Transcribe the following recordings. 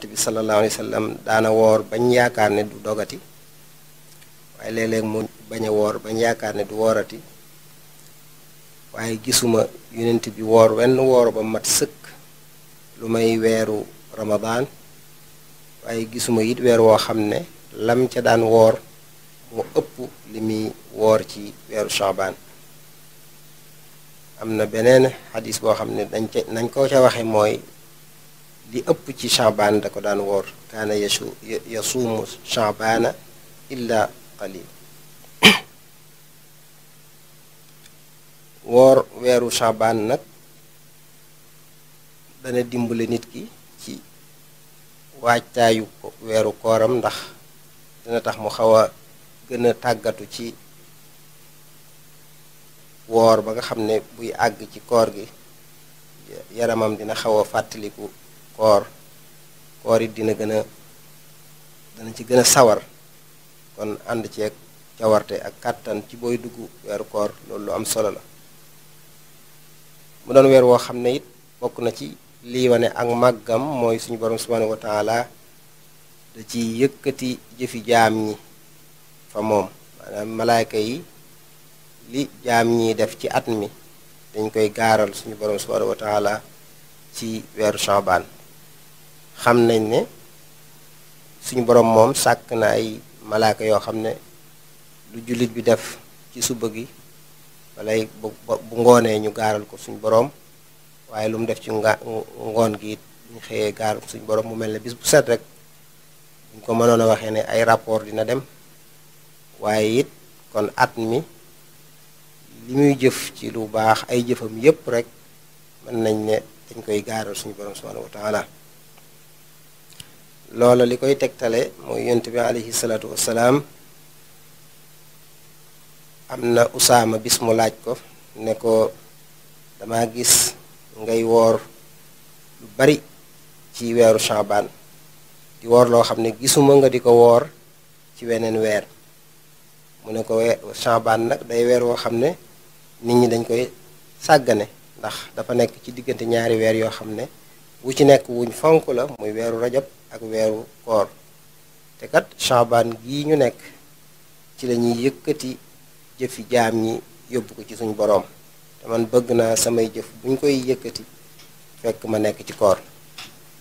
yonent bi sallallahu alayhi wa sallam daana woor bañ yaakaar ne du dogati waaye léeg-léeg mu bañ woor bañ yaakaar ne du woorati waaye gisuma yonent bi woor wenn woor ba mat sëkk lu may weeru ramadaan waaye gisuma it weer woo xam ne lam ca daan woor mu ëpp li muy woor ci weeru shaabaan am na beneen xadis boo xam ne dañ ca nañ ko ca waxe mooy li ëpp ci chaabaan da ko daan woor kaana yasu yasuumu chaabaana illa qalil woor weeru chaabaan nag dana dimbale nit ki ci waajtaayu weeru kooram ndax dana tax mu xaw a gën a tàggatu ci woor ba nga xam ne buy àgg ci koor gi yaramam dina xaw a fàttaliku koor koor it dina gën a dana ci gën a sawar kon ànd ceeg cawarte ak kàttan ci booy dugg weeru koor loolu lu am solo la mu doon weer woo xam ne it bokk na ci lii wane ak màggam mooy suñu borom subhanahu wa taala da ci yëkkati jëfi jaam ñi fa moom maanaam malaayka yi li jaam ñi def ci at mi dañ koy gaaral suñu borom subhanahu wa taala ci weeru Shaabaan xam nañ ne suñu boroom moom sàkk na ay malaaka yoo xam ne lu jullit bi def ci suba gi wala bu bu ngoonee ñu gaaral ko suñ boroom waaye lu mu def ci nga ngoon gi it ñu xëyee gaaral ko suñu borom mu mel ne bis bu set rek duñ ko mënoon a waxee ne ay rapport dina dem waaye it kon at mi li muy jëf ci lu baax ay jëfam yépp rek mën nañ ne dañ koy gaaral suñu borom subhanahu wa taala loola li koy tegtale mooy yonent bi aleyhi salaatu wassalaam am na usaama bis mu laaj ko ne ko dama gis ngay woor lu bari ci weeru shaabaan di woor loo xam ne gisuma nga di ko woor ci weneen weer mu ne ko shaabaan nag day weer woo xam ne nit ñi dañ koy sàggane ndax dafa nekk ci diggante ñaari weer yoo xam ne wu ci nekk wuñ fonk la muy weeru rajab ak weeru koor te kat chambaan gii ñu nekk ci lañuy yëkkati jëfi jaam ñi yóbbu ko ci suñu boroom te man bëgg naa samay jëf buñ koy yëkkati fekk ma nekk ci koor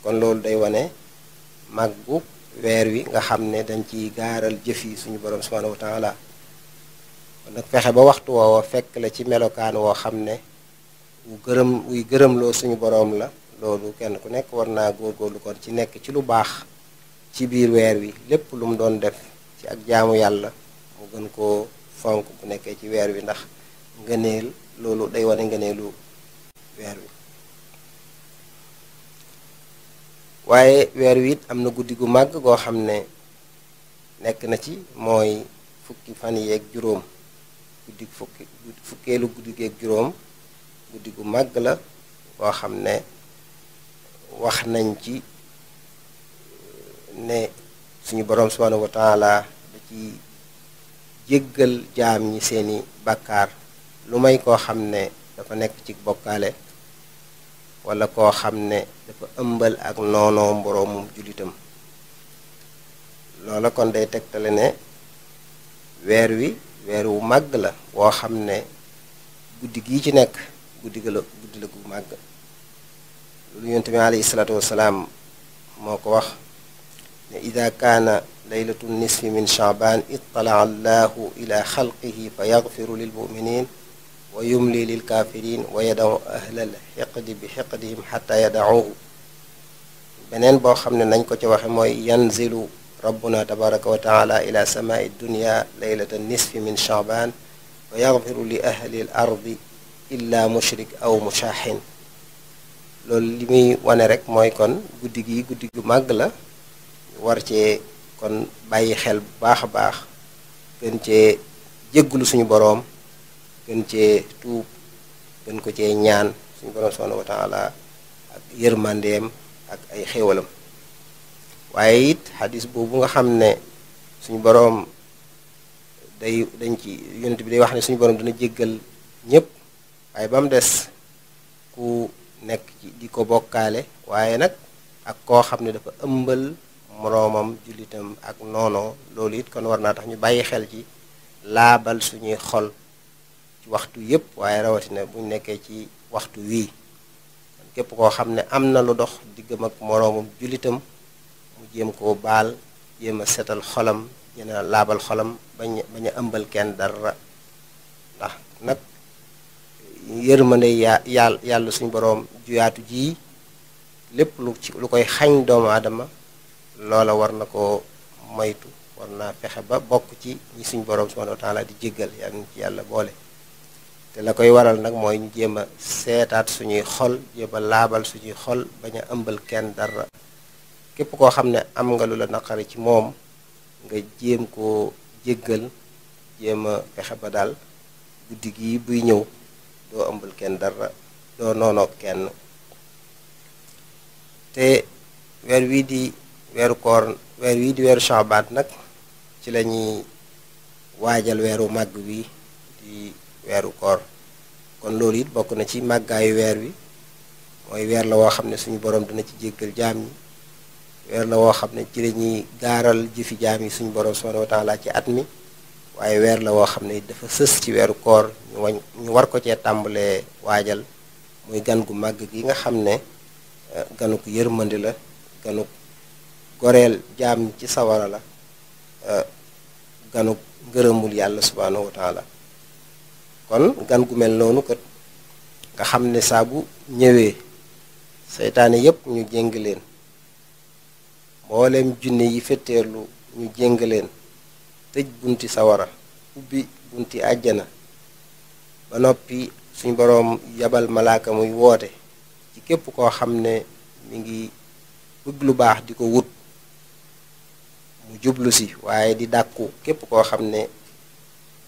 kon loolu day wane màggu weer wi nga xam ne dañ ciy gaaral jëf yi suñu boroom subhanahu wa taala kon nag fexe ba waxtu woowa fekk la ci melokaan woo xam ne wu gërëm wuy gërëmloo suñu boroom la loolu kenn ku nekk war naa góorgóorlu kon ci nekk ci lu baax ci biir weer wi lépp lu mu doon def ci ak jaamu yàlla mu gën koo fonk bu nekkee ci weer wi ndax ngëneel loolu day wane ngëneelu weer wi waaye weer wi it am na guddi gu màgg goo xam ne nekk na ci mooy fukki fan yeeg juróom guddi fukki fukkeelu guddi geeg juróom guddi gu màgg la goo xam ne wax nañ ci ne suñu boroom subhanahu wa taala da ciy jéggal jaam ñi seeni bàkkaar lu may koo xam ne dafa nekk ci bokkaale wala koo xam ne dafa ëmbal ak noonoo mboroomum jullitam loola kon day tegtale ne weer wi weer wu màgg la woo xam ne guddi gii ci nekk guddi la guddi la gu màgg loolu yonent bi alayhi salaatu wasalaam moo ko wax ne ida kaana leylatu nisfi min chaabaan ittala allahu ila xalqihi fa yaxfiru lilmuminin wa yumli lilkaafirin wa yadaw ahlal xiqdi bi xiqdihim xata yadauhu beneen boo xam ne nañ ko ci waxe mooy yanzilu rabbuna tabaraka wa taala ila samaai dunia leylata nisfi min chaabaan fa yaxfiru li ahli l ardi illa mushrik aw mushaaxin loolu li muy wane rek mooy kon guddi gi guddi gu màgg la war cee kon bàyyi xel bu baax a baax gën cee jégglu suñu boroom gën cee tuub gën ko cee ñaan suñu boroom subhanahu wa taala ak yërmandeem ak ay xéwalam waaye it xadis boobu nga xam ne suñu boroom day dañ ci yonent bi day wax ne suñu boroom dina jéggal ñépp waaye ba des ku nekk ci di ko bokkaale waaye nag ak koo xam ne dafa ëmbal moroomam jullitam ak noonoo loolu it kon war naa tax ñu bàyyi xel ci laabal suñuy xol ci waxtu yépp waaye rawatina buñ nekkee ci waxtu wii képp koo xam ne am na lu dox diggam ak moroomam jullitam mu jéem koo baal jéem a setal xolam jéem laabal xolam bañ bañ ëmbal kenn dara nag yërmande ya yàlla suñ boroom juyaatu jii lépp lu ci lu koy xañ doomu aadama loola war na ko moytu war naa fexe ba bokk ci ñi suñ boroom subhanahu wa di jéggal yàlla ñu yàlla boole te la koy waral nag mooy ñu jéem a seetaat suñuy xol jéem laabal suñuy xol bañ a ëmbal kenn dara képp koo xam ne am nga lu la naqari ci moom nga jéem koo jéggal jéem a fexe ba daal guddi gi buy ñëw doo ëmbul kenn dara doo noonoog kenn te weer wii di weeru koor weer wii di weeru shaabaat nag ci lañuy waajal weeru màgg wi di weeru koor kon loolu it bokk na ci màggaayu weer wi mooy weer la woo xam ne suñu borom dina ci jéggal jaam ñi weer la woo xam ne ci la ñuy gaaral jëfi jaam yi suñu borom subhanahu wa taala ci at mi waaye weer la woo xam ne dafa sës ci weeru koor ñu war ko cee tàmbalee waajal muy gan gu màgg gi nga xam ne eh, ganuk yërmandi la ganuk goreel jaam ci sawara la eh, ganuk ngërëmul yàlla subhaanahu wa taala kon gan gu mel noonu kat nga xam ne saabu ñëwee seytaane yépp ñu jéng leen mboolem junne yi fetteerlu ñu jéng leen tëj bunti sawara ubbi bunti àjjana ba noppi suñ boroom yabal malaaka muy woote ci képp koo xam ne mu ngi bëgg lu baax di ko wut mu jublu si waaye di dàkku képp koo xam ne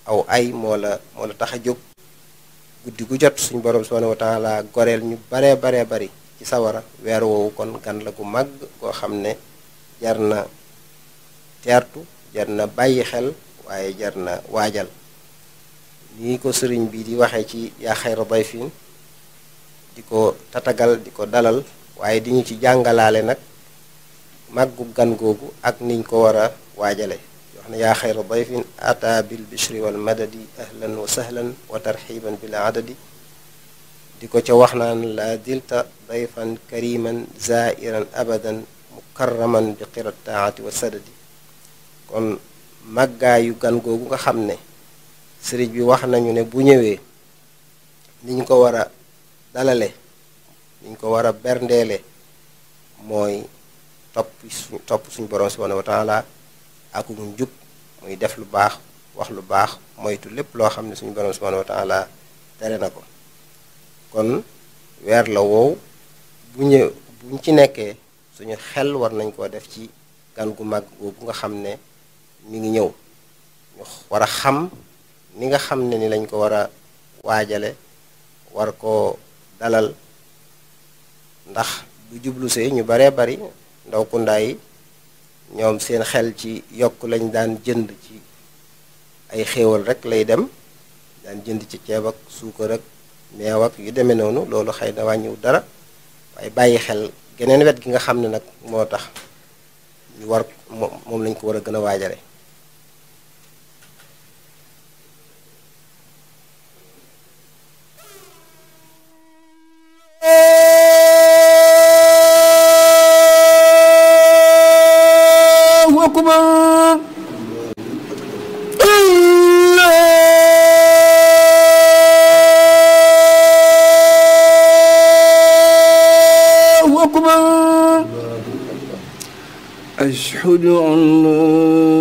aw ay moo la moo la tax a jóg guddi gu jot suñ boroom subhaanahu wa taala goreel ñu baree baree bari ci sawara weer woowu kon gan la gu màgg koo xam ne jar na teertu jar na bàyyi xel waaye jar na waajal ni ko sëriñ bi di waxee ci yaa xayra dayfin di ko tatagal di ko dalal waaye di ñu ci jàngalaale nag màggu gan googu ak niñ ko war a waajale wax ne yaa xayra dayfin ata bil bishri wal madadi ahlan wa sahlan wa tarxiban bila adadi di ko ca wax naan la dilta dayfan kariman zairan abadan mukarraman bi qirat taati wa sadadi kon màggaayu gan googu nga xam ne sëriñ bi wax nañu ne bu ñëwee niñ ko war a dalale niñ ko war a berndeele mooy topp suñ topp suñu borom subhanahu wa taala akum njub muy def lu baax wax lu baax moytu lépp loo xam ne suñu borom subhanahu wa tere na ko kon weer la woow bu ñëw buñ ci nekkee suñu xel war nañ koo def ci gan gu mag googu nga xam ne mi ngi ñëw ñu war a xam ni nga xam ne ni lañ ko war a waajale war koo dalal ndax bu jublu see ñu baree bari ndaw kundaay ñoom seen xel ci yokk lañ daan jënd ci ay xéewal rek lay dem daan jënd ci ceeb ak suukar ak meew ak yu demee noonu loolu xëy na wàññiwu dara waaye bàyyi xel geneen wet gi nga xam ne nag moo tax ñu war moom lañ ko war a gën a waajale واشهد أن لا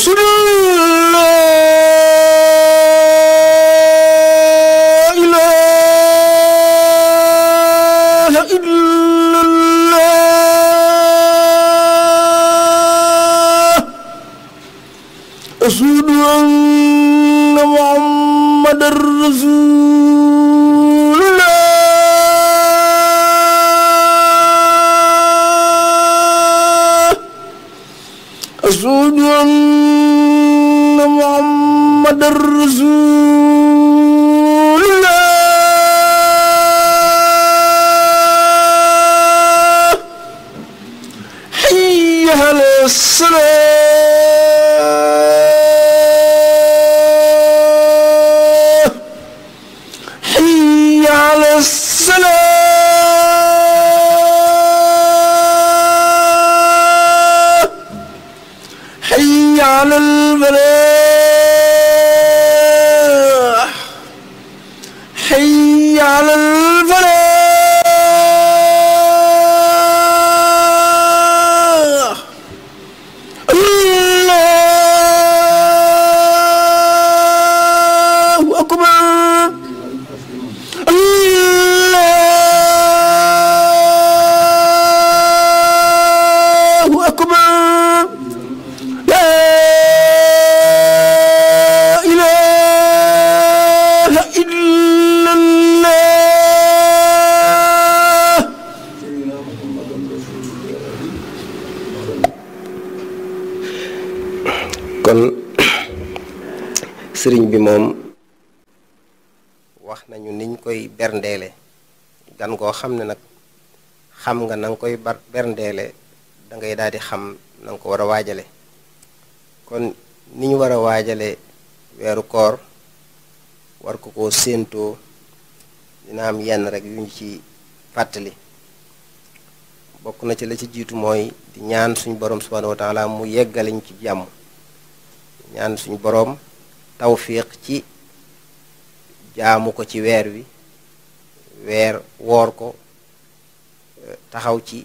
رسول الله أهل السلام sëriñ bi moom wax nañu niñ koy berndeele gan goo xam ne nag xam nga na koy berndeele dangay ngay xam na ko war a waajale kon ni ñu war a waajale weeru koor war ko ko séentoo dina am yenn rek yuñ ñu ci fàttali bokk na ci la ci jiitu mooy di ñaan suñu boroom subhanahu wa taala mu yeggaliñ ci jàmm ñaan suñu boroom tawfiq ci jaamu ko ci weer wi weer woor ko eh, taxaw ci eh,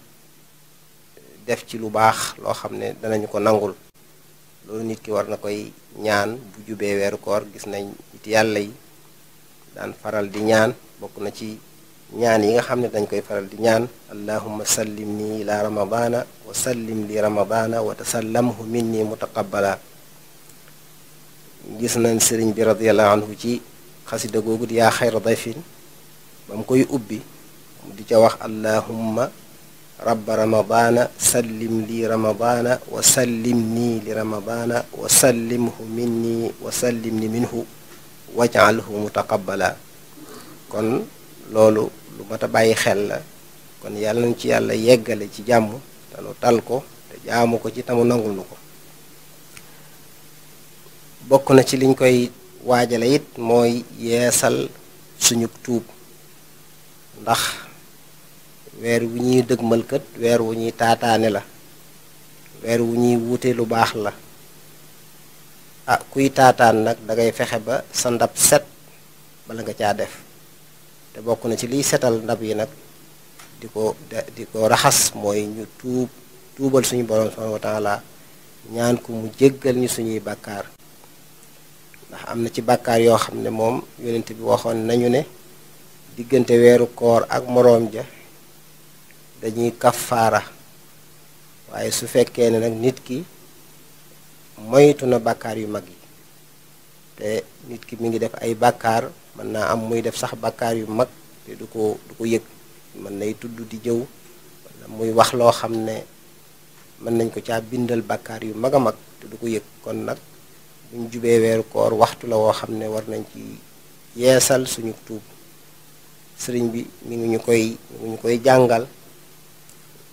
def ci lu baax loo xam ne danañu ko nangul loolu nit ki war na koy ñaan bu jubee weeru koor gis nañ nit yàlla yi daan faral di ñaan bokk na ci ñaan yi nga xam ne dañ koy faral di ñaan allahumma sallim nii ila ramadana wa sallim li ramadana wa tasallamhu minni mutaqabbala gis nañ sëriñ bi radiallahu anhu ci xasida googu di yaa xayra dayfin ba mu koy ubbi di ca wax allahumma rabba ramadaana sallim li ramadaana wa sallim nii sallimhu minni wa sallim ni minhu waj'alhu mutaqabbala kon loolu lu mat a bàyyi xel la kon yàlla nañ ci yàlla yeggale ci jàmm te nu tal ko te jaamu ko ci tamu nangul nu ko bokk na ci liñ koy waajale it mooy yeesal suñu tuub ndax weer wu ñuy dëgmal kat weer wu ñuy taataane la weer wu ñuy wuute lu baax la ah kuy taataan nag dangay fexe ba sa ndab set bala nga caa def te bokk na ci liy setal ndab yi nag di ko di ko raxas mooy ñu tuub tuubal suñu borom subhanahu wa taala ñaan ko mu jéggal ñu suñuy bàkkaar ndax am na ci bàkkaar yoo xam ne moom yonent bi waxoon nañu ne diggante weeru koor ak moroom ja dañuy kafaara waaye su fekkee ne nag nit ki moytu na bàkkaar yu mag yi te nit ki mu ngi def ay bàkkaar mën naa am muy def sax bàkkaar yu mag te du ko du ko yëg mën nay tudd di jëw muy wax loo xam ne mën nañ ko caa bindal bàkkaar yu mag a mag te du ko yëg kon nag bu ñu jubee weeru koor waxtu la woo xam ne war nañ ci yeesal suñu tuub sëriñ bi mi ngi ñu koy ñu koy jàngal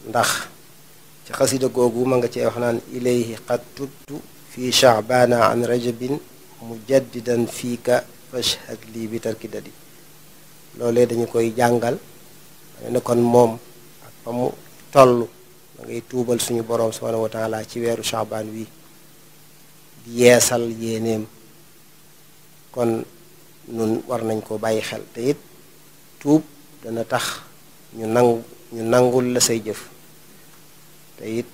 ndax ci xasida googu ma nga cee wax naan ilayhi qad tubtu fi shaabaana an rajabin mujaddidan fiika ak lii bi tarki dadi loolee dañu koy jàngal ne kon moom ak fa mu toll da tuubal suñu boroom subhaanahu wa taala ci weeru shaabaan wi di yeesal yéenéem kon nun war nañ ko bàyyi xel te it tuub dana tax ñu nangu ñu nangul la say jëf te it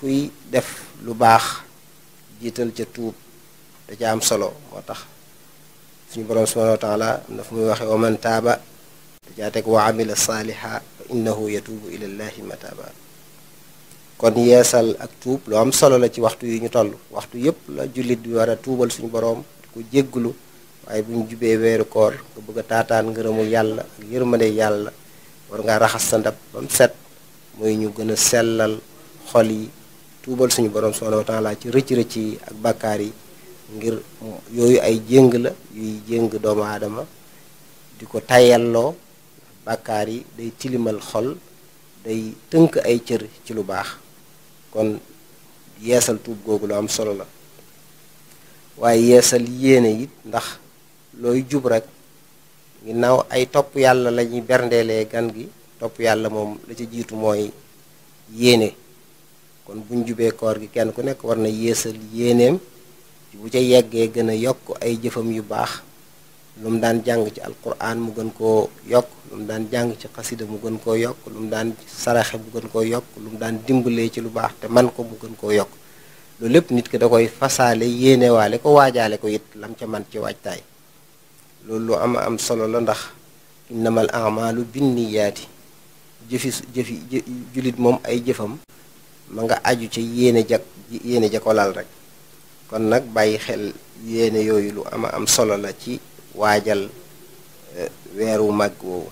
kuy def lu baax jiital ca tuub da ca am solo moo tax suñu boroom subhanahu wa taala am na fu muy waxe wa man taaba da caa teg wa amila saaliha fa innahu yatuubu ilallahi mataaba kon yeesal ak tuub lu am solo la ci waxtu yu ñu toll waxtu yépp la jullit bi war a tuubal suñu boroom di ko jégglu waaye bu ñu jubee weeru koor nga bëgg a taataan ngërëmul yàlla ak yërmande yàlla war ngaa raxas sa ndab ba mu set mooy ñu gën a sellal xol yi tuubal suñu borom subhanahu wa taala ci rëcc-rëcc yi ak bàkkaar yi ngir yooyu ay jéng la yuy jéng doomu aadama di ko tayalloo bàkkaar yi day tilimal xol day tënk ay cër ci lu baax kon yéesal tuub googu lu am solo la waaye yéesal yéene it ndax looy jub rek naw ay topp yàlla lañuy ñuy berndeelee gan gi topp yàlla moom la ca jiitu mooy yéene kon buñ jubee koor gi kenn ku nekk war na yeesal yéeneem bu ca yeggee gën a yokk ay jëfam yu baax lu daan jàng ci alquran mu gën koo yokk lu daan jàng ci xasida mu gën koo yokk lu daan saraxe mu gën koo yokk lu daan dimbalee ci lu baax te man ko mu gën koo yokk loolu lépp nit ki da koy fasaale yéenewaale ko waajaale ko it lam ca man ci waajtaay loolu lu am am solo la ndax innamal amalu binniyaati jëfi jëfi jullit moom ay jëfam ma nga aju ca yéene jak yéene jakolal rek kon nag bàyyi xel yéene yooyu lu ama am solo la ci waajal eh, weeru màgg woowu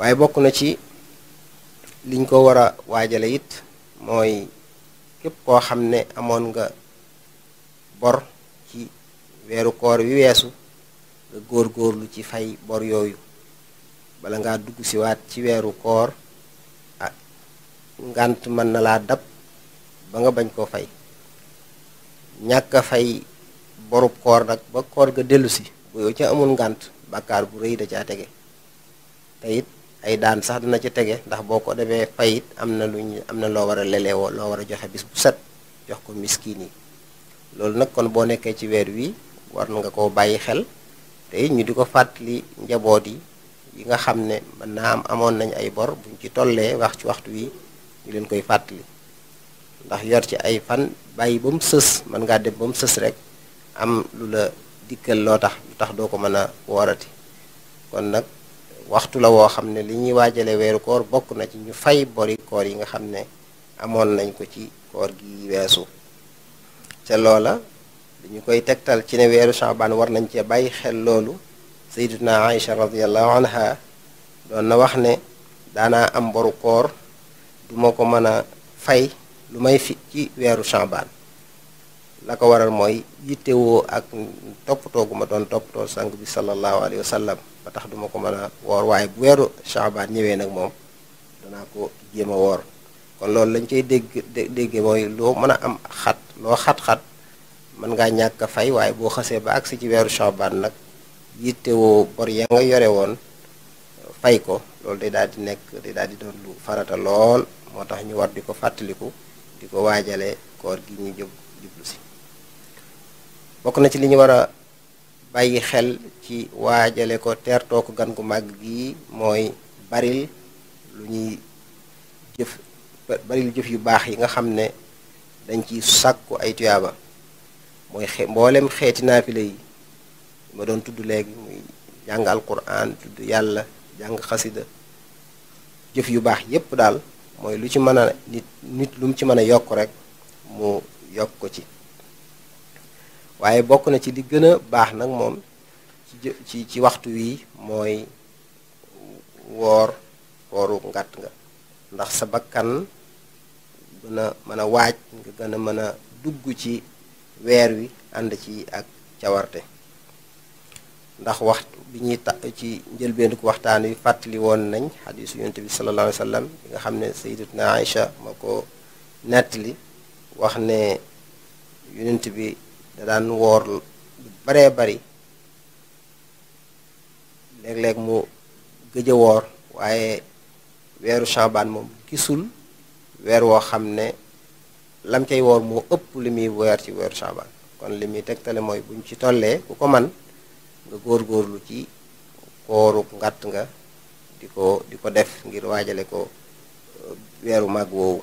waaye bokk na ci liñ ko war a waajale it mooy képp koo xam ne amoon nga bor ci weeru koor wi weesu nga góor-góorlu ci fay bor yooyu bala ngaa dugg siwaat ci weeru koor ak ah, ngànt mën na laa dab ba nga bañ koo fay ñàkk a fay borub koor nag ba koor ga dellusi si bu yow ca amul ngànt bàkkaar bu rëy da caa tege te it ay daan sax dina ca tege ndax boo ko demee fay am na luñ am na loo war a leleewoo loo war a joxe bis bu set jox ko miskiin yi loolu nag kon boo nekkee ci weer wii war na nga koo bàyyi xel te ñu di ko fàttali njaboot yi yi nga xam ne mën naa am amoon nañ ay bor buñ ci tollee wax ci waxtu wi ñu leen koy fàttali ndax yor ci ay fan bàyyi ba mu sës mën ngaa dem ba mu sës rek am lu la dikkal loo tax lu tax doo ko mën a woorati kon nag waxtu la woo xam ne li ñuy waajale weeru koor bokk na ci ñu fay bori koor yi nga xam ne amoon nañ ko ci koor gi weesu ca loola ñu koy tegtal ci ne weeru shaabaan war nañ cee bàyyi xel loolu sayduna aïcha radiallahu anha doon na wax ne daanaa am mboru koor duma ko mën a fay lu may fi ci weeru shaabaan la ko waral mooy yittewoo ak toppatoo gu ma doon toppatoo sang bi sallallahu alayhi wa sallam ba tax duma ko mën a woor waaye bu weeru Shaabaan ñëwee nag moom danaa ko jéem a woor kon loolu lañ cay dégg déggee mooy loo mën a am xat loo xat-xat mën ngaa ñàkk fay waaye boo xasee ba agsi ci weeru Shaabaan nag yittewoo bor ya nga yore woon fay ko loolu day daal di nekk day daal di doon lu farata lool moo tax ñu war di ko fàttaliku di ko waajale koor gi ñu jub jublu si bokk na ci li ñu war a bàyyi xel ci waajale ko teertoo ko gan gu màgg gi mooy baril lu ñuy jëf baril jëf yu baax yi nga xam ne dañ ci sàkku ay tuyaaba mooy xe mboolem xeeti naafile yi ma doon tudd léegi muy jàng alquran tudd yàlla jàng xasida jëf yu baax yépp daal mooy lu ci mën a nit nit lu mu ci mën a yokk rek mu yokk ko ci waaye bokk na ci li gën a baax nag moom ci ci waxtu wii mooy woor wooru ngàtt nga ndax sa bakkan gën a mën a waaj nga gën a mën a dugg ci weer wi ànd ci ak cawarte ndax waxtu bi ñuy ta ci njëlbeendiku waxtaan wi fàttali woon nañ xadiisu yonent bi sallallahu alayhi wa bi nga xam ne na Aïcha ma ko nettali wax ne yonent bi da daan woor lu baree bari léeg-léeg mu gëj a woor waaye weeru chambaan moom gisul weer woo xam ne lam cay woor moo ëpp li muy weer ci weeru chambaan kon li muy tegtale mooy buñ ci tollee ku ko man nga góor-góorlu ci kooru ngàtt nga di ko di ko def ngir waajale ko uh, weeru màgg woowu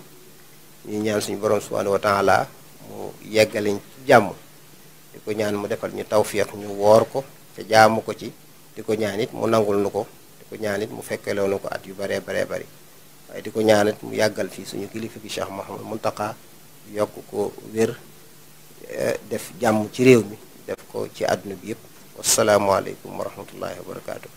ñu ñaan suñu borom subhanahu wa taala mu yeggaliñ ci jàmm di ko ñaan mu defal ñu tawfiix ñu woor ko te jaamu ko ci di ko ñaan it mu nangul nu ko di ko ñaan it mu fekkeloo ko at yu baree baree bari waaye di ko ñaan it mu yàggal fii suñu kilifa gi Cheikh Mouhamadou Mountakha yokk ko wér e, def jàmm ci réew mi def ko ci àdduna bi yëpp wasalaamualeykum wa rahmatullahi wa